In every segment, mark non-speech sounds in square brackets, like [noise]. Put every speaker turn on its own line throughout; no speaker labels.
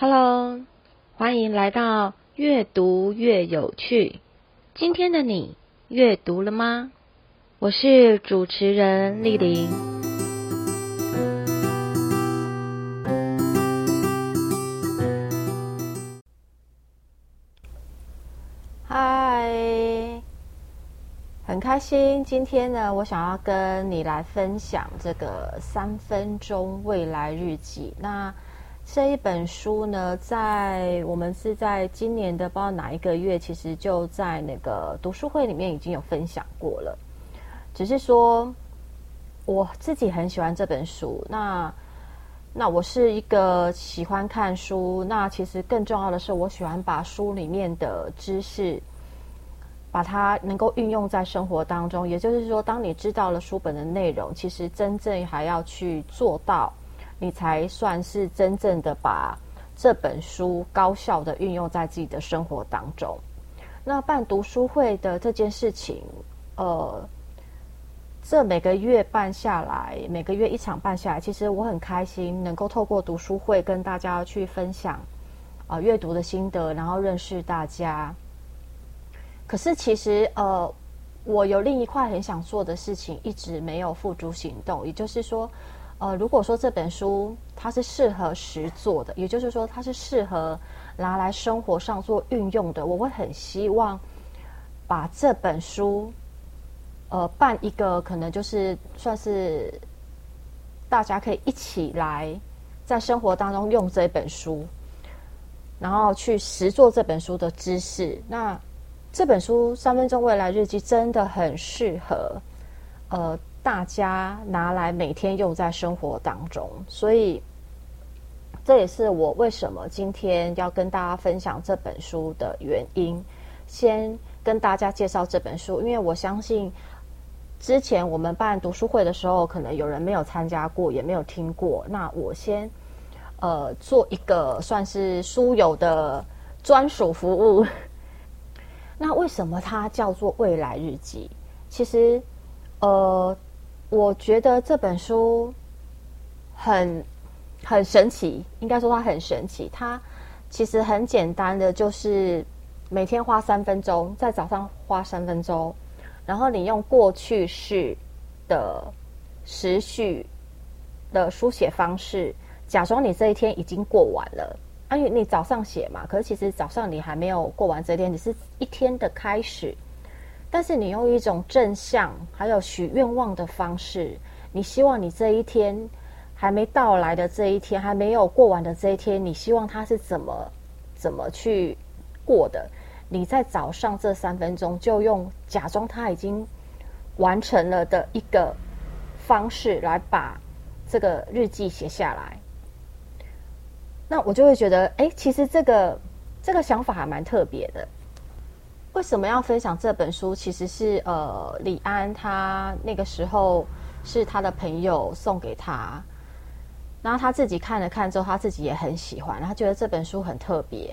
Hello，歡迎來到越讀越有趣。今天的你閱讀了嗎？我是主持人麗玲。嗨，很開心今天呢，我想要跟你來分享這個三分鐘未來日記。那。這一本書呢，在我們是在今年的不知道哪一個月，其實就在那個讀書會裡面已經有分享過了。只是說，我自己很喜歡這本書。那那我是一個喜歡看書，那其實更重要的是，我喜歡把書裡面的知識，把它能夠運用在生活當中。也就是說，當你知道了書本的內容，其實真正還要去做到。你才算是真正的把這本書高效的運用在自己的生活當中。那辦讀書會的這件事情，呃，這每個月辦下來，每個月一場辦下來，其實我很開心能夠透過讀書會跟大家去分享啊、呃、閱讀的心得，然後認識大家。可是其實呃，我有另一塊很想做的事情，一直沒有付諸行動，也就是說。呃，如果說這本書它是適合實作的，也就是說它是適合拿來生活上做運用的，我會很希望把這本書，呃，辦一個可能就是算是大家可以一起來在生活當中用這本書，然後去實作這本書的知識。那這本書《三分鐘未來日記》真的很適合，呃。大家拿來每天用在生活當中，所以這也是我為什麼今天要跟大家分享這本書的原因。先跟大家介紹這本書，因為我相信之前我們辦讀書會的時候，可能有人沒有參加過，也沒有聽過。那我先呃做一個算是書友的專屬服務。那為什麼它叫做未來日記？其實，呃。我覺得這本書很很神奇，應該說它很神奇。它其實很簡單的，就是每天花三分鐘，在早上花三分鐘，然後你用過去式的時序的書寫方式，假裝你這一天已經過完了。啊因為你早上寫嘛，可是其實早上你還沒有過完這一天，只是一天的開始。但是你用一種正向還有許願望的方式，你希望你這一天還沒到來的這一天，還沒有過完的這一天，你希望他是怎麼怎麼去過的？你在早上這三分鐘就用假裝他已經完成了的一個方式來把這個日記寫下來。那我就會覺得，哎，其實這個這個想法還蠻特別的。為什麼要分享這本書？其實是呃，李安他那個時候是他的朋友送給他，然後他自己看了看之後，他自己也很喜歡，他覺得這本書很特別。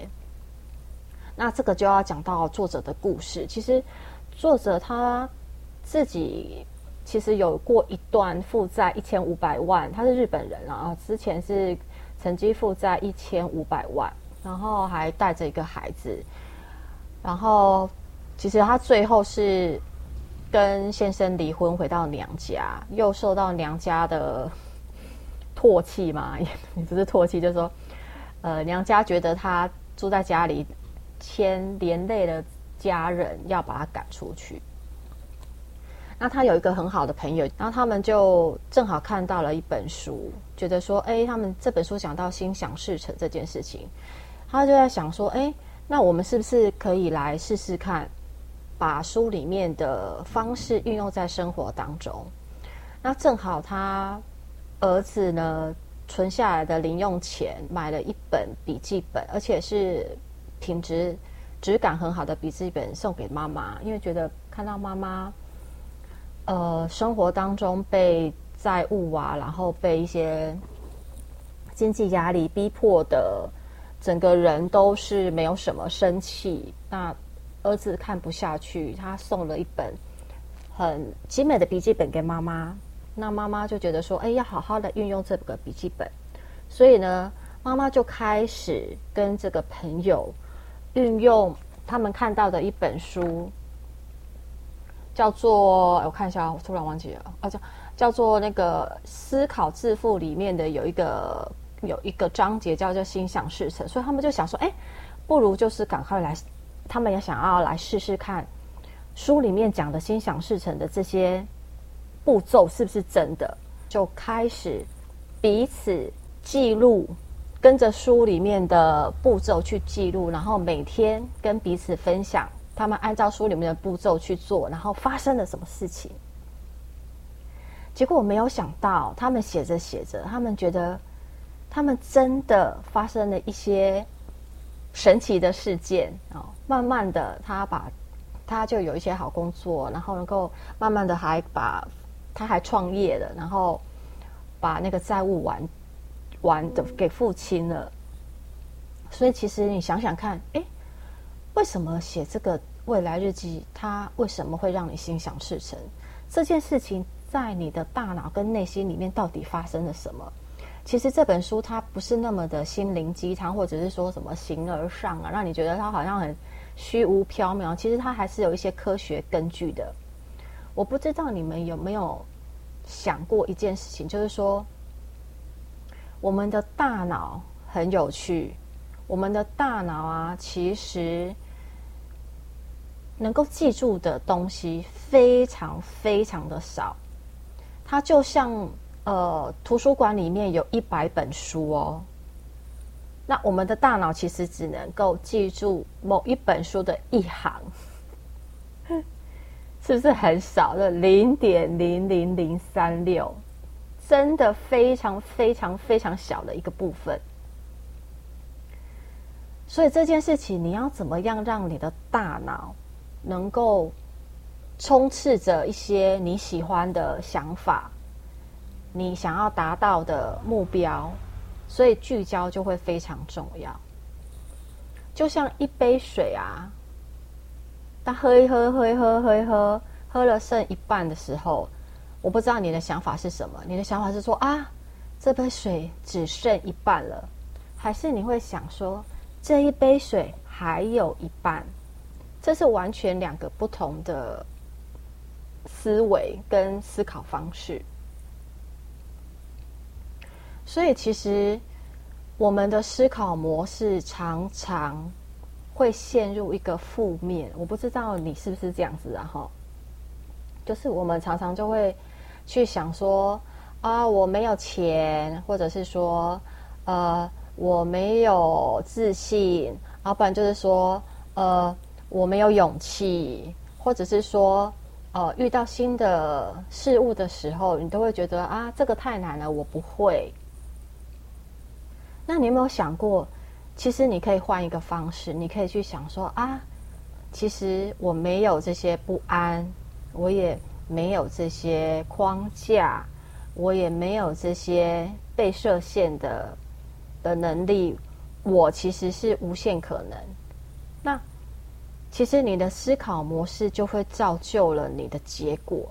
那這個就要講到作者的故事。其實作者他自己其實有過一段負債一千五百萬，他是日本人啊，之前是曾經負債一千五百萬，然後還帶着一個孩子。然後，其實他最後是跟先生離婚，回到娘家，又受到娘家的唾棄嘛，也不是唾棄，就是說，呃，娘家覺得他住在家裡牽連累了家人，要把他趕出去。那他有一個很好的朋友，然後他們就正好看到了一本書，覺得說，哎，他們這本書講到心想事成這件事情，他就在想說，哎。那我們是不是可以來試試看，把書裡面的方式運用在生活當中？那正好他兒子呢，存下來的零用錢買了一本筆記本，而且是品質、質感很好的筆記本送給媽媽，因為覺得看到媽媽，呃，生活當中被債務啊，然後被一些經濟壓力逼迫的。整個人都是沒有什麼生氣。那兒子看不下去，他送了一本很精美的筆記本給媽媽。那媽媽就覺得說：“哎、欸，要好好的運用這個筆記本。”所以呢，媽媽就開始跟這個朋友運用他們看到的一本書，叫做……我看一下，我突然忘記了啊，叫叫做那個《思考致富》裡面的有一個。有一個章節叫做“心想事成”，所以他們就想說：“哎、欸，不如就是趕快來，他們也想要來試試看書裡面講的心想事成的這些步驟是不是真的？”就開始彼此記錄，跟着書裡面的步驟去記錄，然後每天跟彼此分享他們按照書裡面的步驟去做，然後發生了什麼事情。結果我沒有想到，他們寫着寫着，他們覺得。他們真的發生了一些神奇的事件啊、哦！慢慢的，他把他就有一些好工作，然後能夠慢慢的還把他還創業了，然後把那個債務完完的給付清了。嗯、所以，其實你想想看，哎，為什麼寫這個未來日記？它為什麼會讓你心想事成？這件事情在你的大腦跟內心裡面到底發生了什麼？其實這本書它不是那麼的心靈雞湯，或者是說什麼形而上啊，讓你覺得它好像很虛無縹緲。其實它還是有一些科學根據的。我不知道你們有沒有想過一件事情，就是說我們的大腦很有趣，我們的大腦啊，其實能夠記住的東西非常非常的少，它就像。呃，圖書館裡面有一百本書哦。那我們的大腦其實只能夠記住某一本書的一行， [laughs] 是不是很少了？零點零零零三六，真的非常非常非常小的一個部分。所以這件事情，你要怎麼樣讓你的大腦能夠充斥着一些你喜歡的想法？你想要達到的目標，所以聚焦就會非常重要。就像一杯水啊，當喝一喝，喝一喝，喝一喝，喝了剩一半的時候，我不知道你的想法是什麼。你的想法是說啊，這杯水只剩一半了，還是你會想說這一杯水還有一半？這是完全兩個不同的思維跟思考方式。所以，其實我們的思考模式常常會陷入一個負面。我不知道你是不是這樣子啊？哈，就是我們常常就會去想說啊，我沒有錢，或者是說呃，我沒有自信，啊，不然就是說呃，我沒有勇氣，或者是說呃，遇到新的事物的時候，你都會覺得啊，這個太難了，我不會。那你有沒有想過，其實你可以換一個方式，你可以去想說啊，其實我沒有這些不安，我也沒有這些框架，我也沒有這些被設限的的能力，我其實是無限可能。那其實你的思考模式就會造就了你的結果。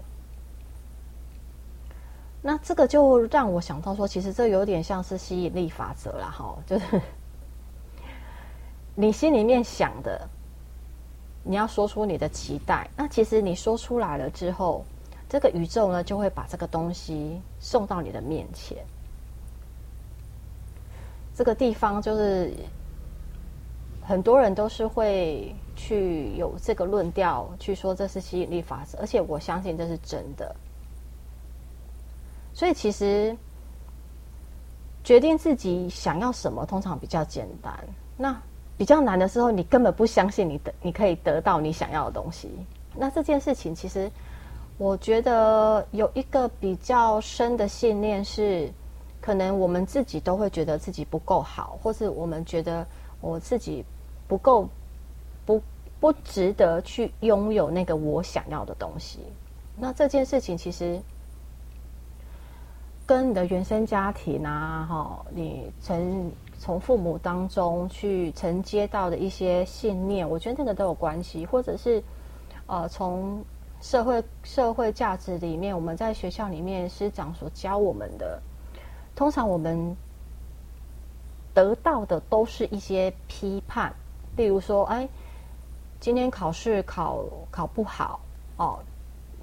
那這個就讓我想到說，其實這有點像是吸引力法則啦哈，就是你心裡面想的，你要說出你的期待，那其實你說出來了之後，這個宇宙呢就會把這個東西送到你的面前。這個地方就是很多人都是會去有這個論調去說這是吸引力法則，而且我相信這是真的。所以，其實決定自己想要什麼通常比較簡單。那比較難的時候，你根本不相信你得，你可以得到你想要的東西。那這件事情，其實我覺得有一個比較深的信念是，可能我們自己都會覺得自己不夠好，或是我們覺得我自己不夠不、不值得去擁有那個我想要的東西。那這件事情，其實。跟你的原生家庭啊，哦，你曾從，從父母當中去承接到的一些信念，我覺得那個都有關係，或者是呃，從社會社會價值裡面，我們在學校裡面師長所教我們的，通常我們得到的都是一些批判，例如說，哎，今天考試考考不好哦，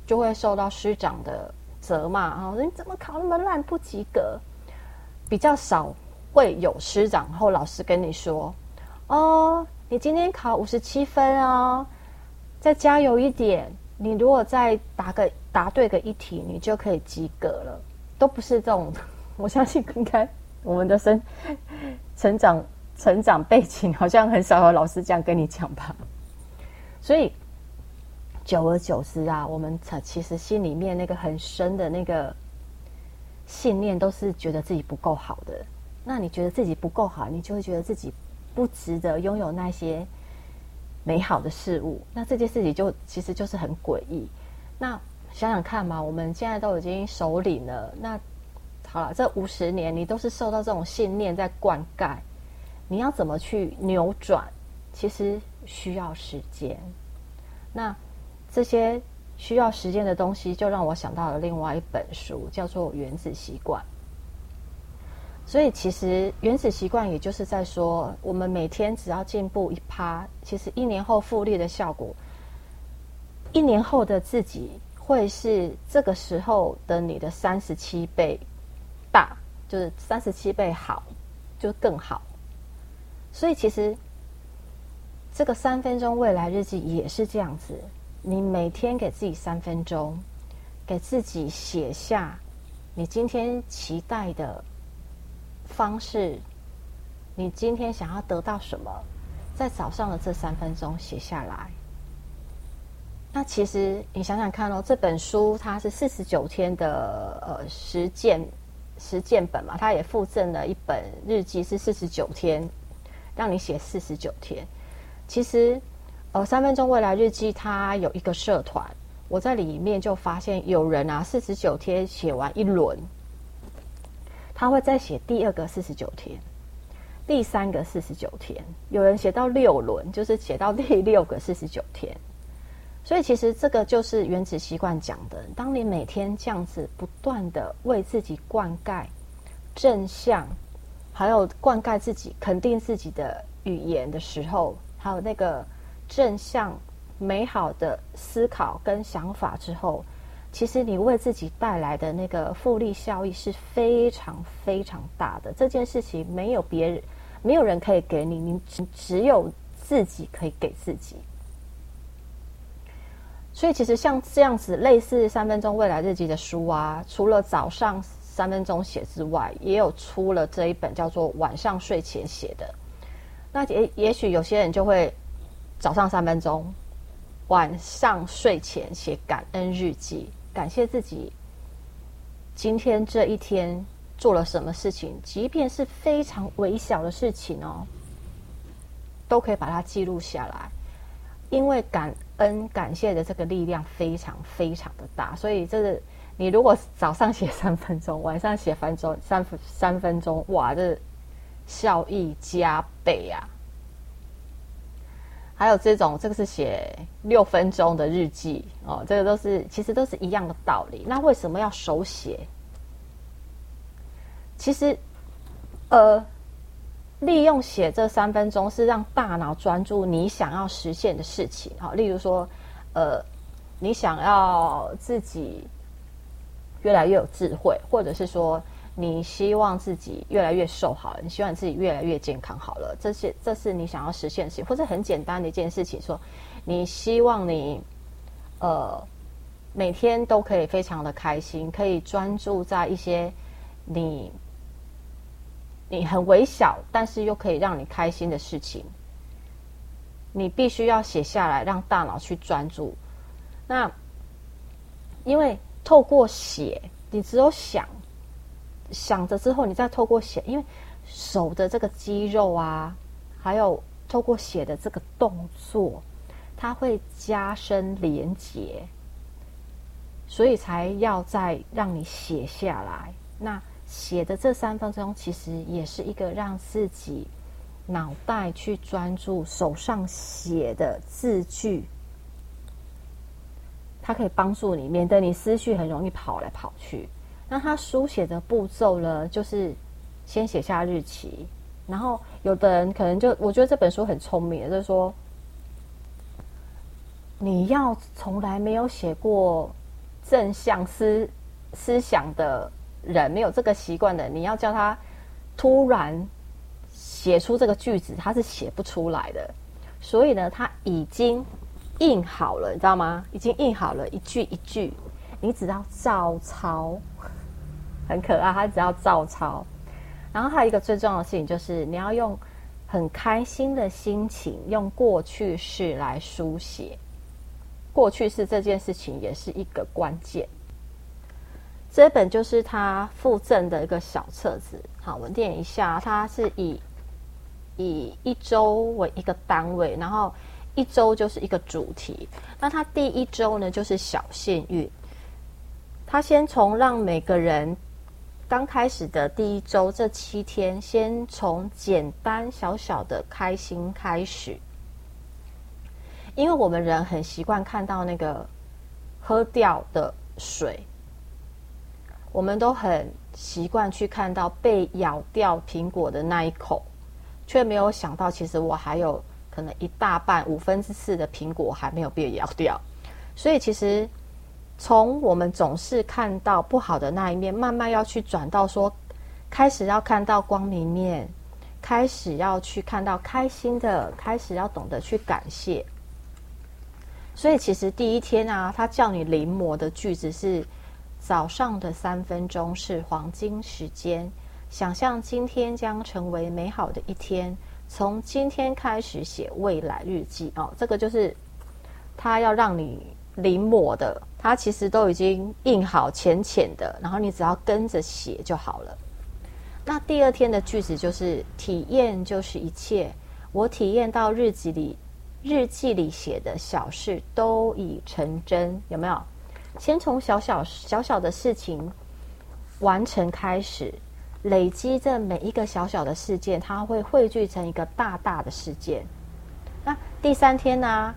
就會受到師長的。責罵，哦，你怎麼考那麼爛，不及格？比較少會有師長或老師跟你說，哦，你今天考五十七分哦，再加油一點，你如果再答個答對個一題，你就可以及格了。都不是這種， [laughs] 我相信應該我們的生成長成長背景，好像很少有老師這樣跟你講吧。所以。久而久之啊，我們其實心裡面那個很深的那個信念，都是覺得自己不夠好的。那你覺得自己不夠好，你就會覺得自己不值得擁有那些美好的事物。那這件事情就其實就是很詭異。那想想看嘛，我們現在都已經手裡了。那好了，這五十年你都是受到這種信念在灌溉，你要怎麼去扭轉？其實需要時間。那。這些需要時間的東西，就讓我想到了另外一本書，叫做《原子習慣》。所以，其實《原子習慣》也就是在說，我們每天只要進步一趴，其實一年後複利的效果，一年後的自己會是這個時候的你的三十七倍大，就是三十七倍好，就更好。所以，其實這個三分鐘未來日記也是這樣子。你每天給自己三分鐘，給自己寫下你今天期待的方式，你今天想要得到什麼，在早上的這三分鐘寫下來。那其實你想想看嘍、哦，這本書它是四十九天的呃實踐實踐本嘛，它也附贈了一本日記，是49，是四十九天讓你寫四十九天，其實。呃、哦，三分鐘未來日記它有一個社團，我在裡面就發現有人啊，四十九天寫完一輪，他會再寫第二個四十九天，第三個四十九天，有人寫到六輪，就是寫到第六個四十九天。所以其實這個就是原子習慣講的，當你每天這樣子不斷的為自己灌溉正向，還有灌溉自己肯定自己的語言的時候，還有那個。正向美好的思考跟想法之後，其實你為自己帶來的那個複利效益是非常非常大的。這件事情沒有別人，沒有人可以給你，你只，只有自己可以給自己。所以，其實像這樣子，類似三分鐘未來日記的書啊，除了早上三分鐘寫之外，也有出了這一本叫做晚上睡前寫的。那也也許有些人就會。早上三分鐘，晚上睡前寫感恩日記，感謝自己今天這一天做了什麼事情，即便是非常微小的事情哦，都可以把它記錄下來，因為感恩感謝的這個力量非常非常的大，所以這個你如果早上寫三分鐘，晚上寫分鐘三分三分鐘，哇，這效益加倍啊！還有這種，這個是寫六分鐘的日記哦，這個都是其實都是一樣的道理。那為什麼要手寫？其實，呃，利用寫這三分鐘是讓大腦專注你想要實現的事情。好，哦，例如說，呃，你想要自己越來越有智慧，或者是說。你希望自己越來越瘦好了，你希望自己越來越健康好了，這些這是你想要實現的事情，或者很簡單的一件事情，說你希望你呃每天都可以非常的開心，可以專注在一些你你很微小，但是又可以讓你開心的事情。你必須要寫下來，讓大腦去專注。那因為透過寫，你只有想。想着之後，你再透過寫，因為手的這個肌肉啊，還有透過寫的這個動作，它會加深連結，所以才要再讓你寫下來。那寫的這三分鐘，其實也是一個讓自己腦袋去專注手上寫的字句，它可以幫助你，免得你思緒很容易跑來跑去。那他書寫的步驟呢？就是先寫下日期，然後有的人可能就我覺得這本書很聰明的，就是說你要從來沒有寫過正向思思想的人，沒有這個習慣的，你要叫他突然寫出這個句子，他是寫不出來的。所以呢，他已經印好了，你知道嗎？已經印好了一句一句，你只要照抄。很可愛，他只要照抄。然後還有一個最重要的事情，就是你要用很開心的心情，用過去式來書寫。過去式這件事情也是一個關鍵。這本就是他附贈的一個小冊子，好，我念一下。它是以以一周為一個單位，然後一周就是一個主題。那它第一周呢，就是小幸運。它先從讓每個人。剛開始的第一周，這七天，先從簡單小小的開心開始。因為我們人很習慣看到那個喝掉的水，我們都很習慣去看到被咬掉蘋果的那一口，卻沒有想到，其實我還有可能一大半五分之四的蘋果還沒有被咬掉。所以其實。從我們總是看到不好的那一面，慢慢要去轉到說，開始要看到光明面，開始要去看到開心的，開始要懂得去感謝。所以其實第一天啊，他叫你臨摹的句子是：早上的三分鐘是黃金時間，想象今天將成為美好的一天。從今天開始寫未來日記哦，這個就是他要讓你。臨摹的，它其實都已經印好淺淺的，然後你只要跟着寫就好了。那第二天的句子就是“體驗就是一切”，我體驗到日記裡日記裡寫的小事都已成真，有沒有？先從小小小小的事情完成開始，累積這每一個小小的事件，它會匯聚成一個大大的事件。那第三天呢、啊？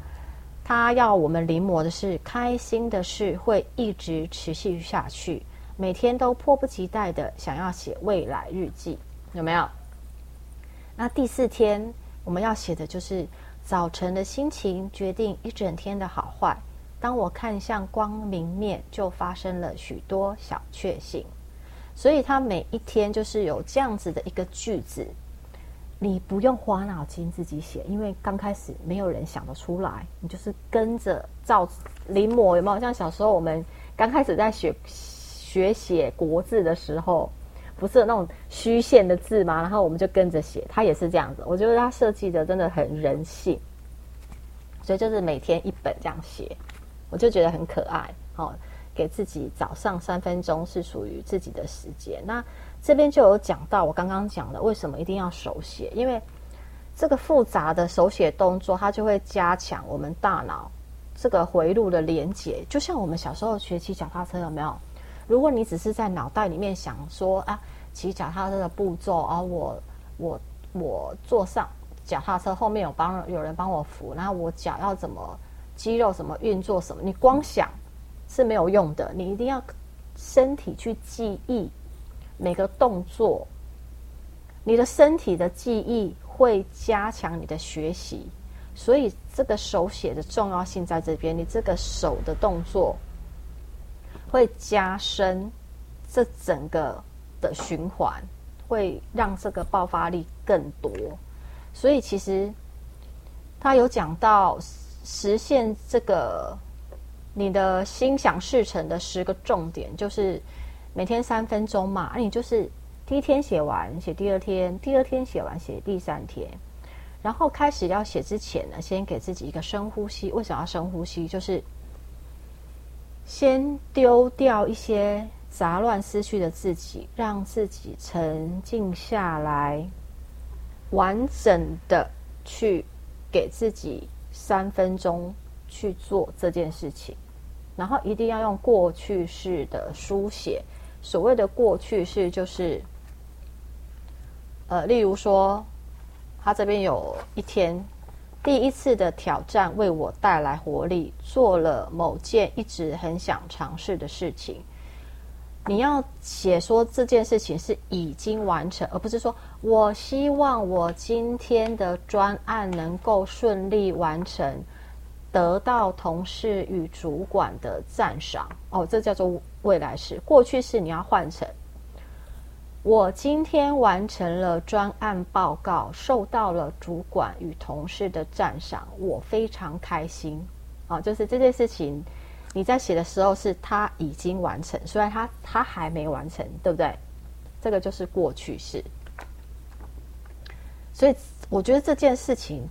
他要我們臨摹的是開心的事會一直持續下去，每天都迫不及待的想要寫未來日記，有沒有？那第四天我們要寫的就是早晨的心情決定一整天的好壞。當我看向光明面，就發生了許多小確幸，所以他每一天就是有這樣子的一個句子。你不用花腦筋自己寫，因為剛開始沒有人想得出來，你就是跟着照臨摹，有沒有？像小時候我們剛開始在學學寫國字的時候，不是有那種虛線的字嗎？然後我們就跟着寫，它也是這樣子。我覺得它設計的真的很人性，所以就是每天一本這樣寫，我就覺得很可愛，好，哦，給自己早上三分鐘是屬於自己的時間，那。這邊就有講到我剛剛講的，為什麼一定要手寫？因為這個複雜的手寫動作，它就會加強我們大腦這個回路的連結。就像我們小時候學騎腳踏車，有沒有？如果你只是在腦袋裡面想說啊，騎腳踏車的步驟，啊，我我我坐上腳踏車，後面有幫有人幫我扶，然後我腳要怎麼肌肉什麼運作什麼，你光想是沒有用的，你一定要身體去記憶。每個動作，你的身體的記憶會加強你的學習，所以這個手寫的重要性在這邊。你這個手的動作會加深這整個的循環，會讓這個爆發力更多。所以其實他有講到實現這個你的心想事成的十個重點，就是。每天三分鐘嘛，啊、你就是第一天寫完，寫第二天，第二天寫完，寫第三天，然後開始要寫之前呢，先給自己一個深呼吸。為什麼要深呼吸？就是先丟掉一些雜亂思緒的自己，讓自己沉靜下來，完整的去給自己三分鐘去做這件事情，然後一定要用過去式的書寫。所謂的過去式，就是，呃，例如說，他這邊有一天，第一次的挑戰為我帶來活力，做了某件一直很想嘗試的事情。你要寫說這件事情是已經完成，而不是說我希望我今天的專案能夠順利完成，得到同事與主管的讚賞。哦，這叫做。未來式、過去式，你要換成，我今天完成了專案報告，受到了主管與同事的讚賞，我非常開心。啊，就是這件事情，你在寫的時候是他已經完成，雖然他他還沒完成，對不對？這個就是過去式。所以我覺得這件事情，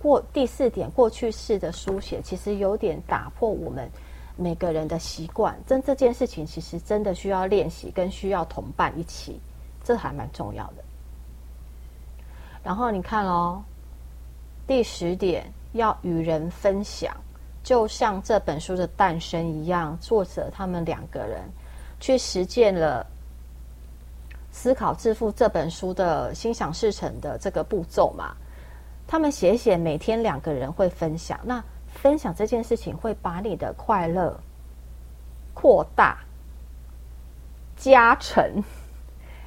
過第四點過去式的書寫，其實有點打破我們。每個人的習慣，真這件事情其實真的需要練習，跟需要同伴一起，這還蠻重要的。然後你看哦，第十點要與人分享，就像這本書的誕生一樣，作者他們兩個人去實踐了《思考致富》這本書的心想事成的這個步驟嘛。他們寫寫，每天兩個人會分享那。分享這件事情會把你的快樂擴大、加成，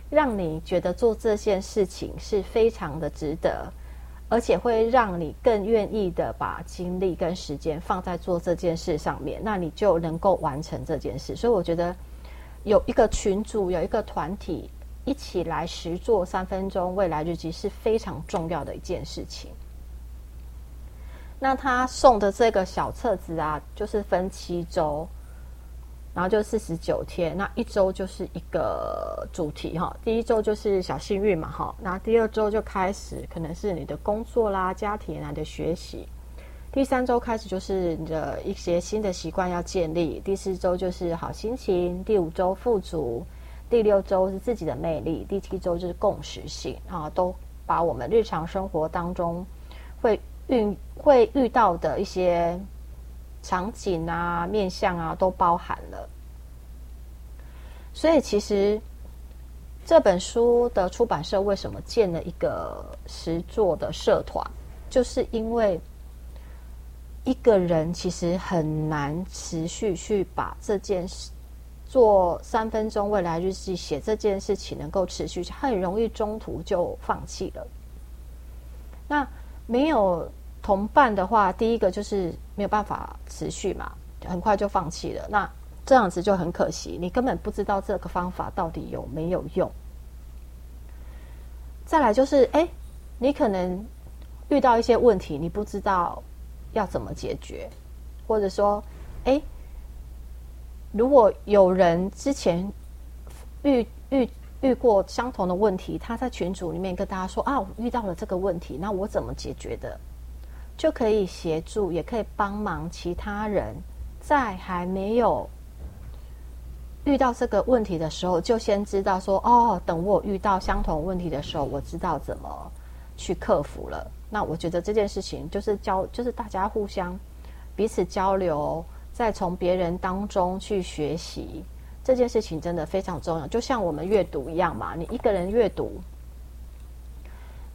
讓你覺得做這件事情是非常的值得，而且會讓你更願意的把精力跟時間放在做這件事上面。那你就能夠完成這件事。所以我覺得有一個群組，有一個團體，一起來實做三分鐘未來日記是非常重要的一件事情。那他送的這個小冊子啊，就是分七週，然後就四十九天。那一週就是一個主題哈，第一週就是小幸運嘛哈，那第二週就開始可能是你的工作啦、家庭啊的學習。第三週開始就是你的一些新的習慣要建立，第四週就是好心情，第五週富足，第六週是自己的魅力，第七週就是共識性啊，然後都把我們日常生活當中會。遇會遇到的一些場景啊、面相啊，都包含了。所以，其實這本書的出版社為什麼建了一個實作的社團，就是因為一個人其實很難持續去把這件事做三分鐘未來日記寫這件事情，能夠持續很容易中途就放棄了。那沒有。同伴的話，第一個就是沒有辦法持續嘛，很快就放棄了。那這樣子就很可惜，你根本不知道這個方法到底有沒有用。再來就是，哎、欸，你可能遇到一些問題，你不知道要怎麼解決，或者說，哎、欸，如果有人之前遇遇遇過相同的問題，他在群組裡面跟大家說啊，我遇到了這個問題，那我怎麼解決的？就可以協助，也可以幫忙其他人，在還沒有遇到這個問題的時候，就先知道說：哦，等我遇到相同問題的時候，我知道怎麼去克服了。那我覺得這件事情就是交，就是大家互相彼此交流，再從別人當中去學習這件事情，真的非常重要。就像我們閱讀一樣嘛，你一個人閱讀。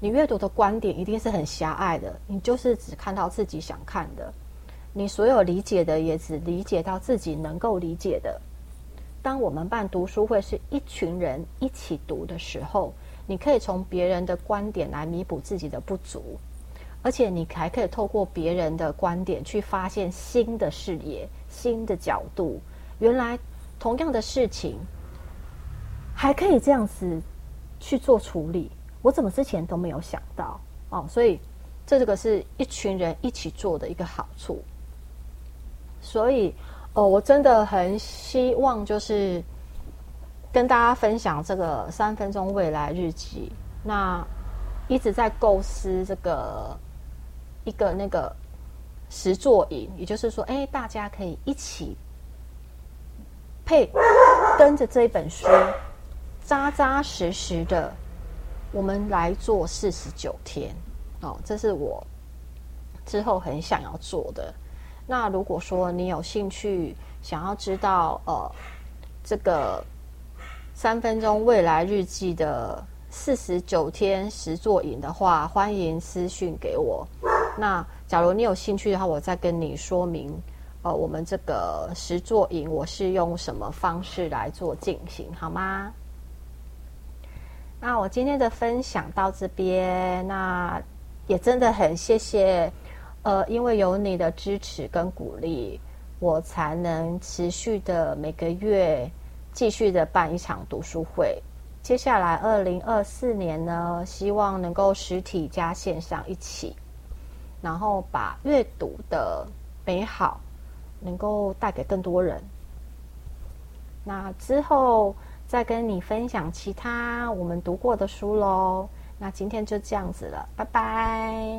你閱讀的觀點一定是很狹隘的，你就是只看到自己想看的，你所有理解的也只理解到自己能夠理解的。當我們辦讀書會，是一群人一起讀的時候，你可以從別人的觀點來彌補自己的不足，而且你還可以透過別人的觀點去發現新的視野、新的角度。原來同樣的事情還可以這樣子去做處理。我怎麼之前都沒有想到哦，所以這這個是一群人一起做的一個好處。所以哦，我真的很希望就是跟大家分享這個三分鐘未來日記。那一直在構思這個一個那個實作營，也就是說，哎，大家可以一起配跟着這一本書，扎扎實實的。我們來做四十九天，哦，這是我之後很想要做的。那如果說你有興趣，想要知道呃這個三分鐘未來日記的四十九天實作營的話，歡迎私訊給我。那假如你有興趣的話，我再跟你說明，呃，我們這個實作營我是用什麼方式來做進行，好嗎？那我今天的分享到這邊，那也真的很謝謝，呃，因為有你的支持跟鼓勵，我才能持續的每個月繼續的辦一場讀書會。接下來二零二四年呢，希望能夠實體加線上一起，然後把閱讀的美好能夠帶給更多人。那之後，再跟你分享其他我們讀過的書咯。那今天就這樣子了，拜拜。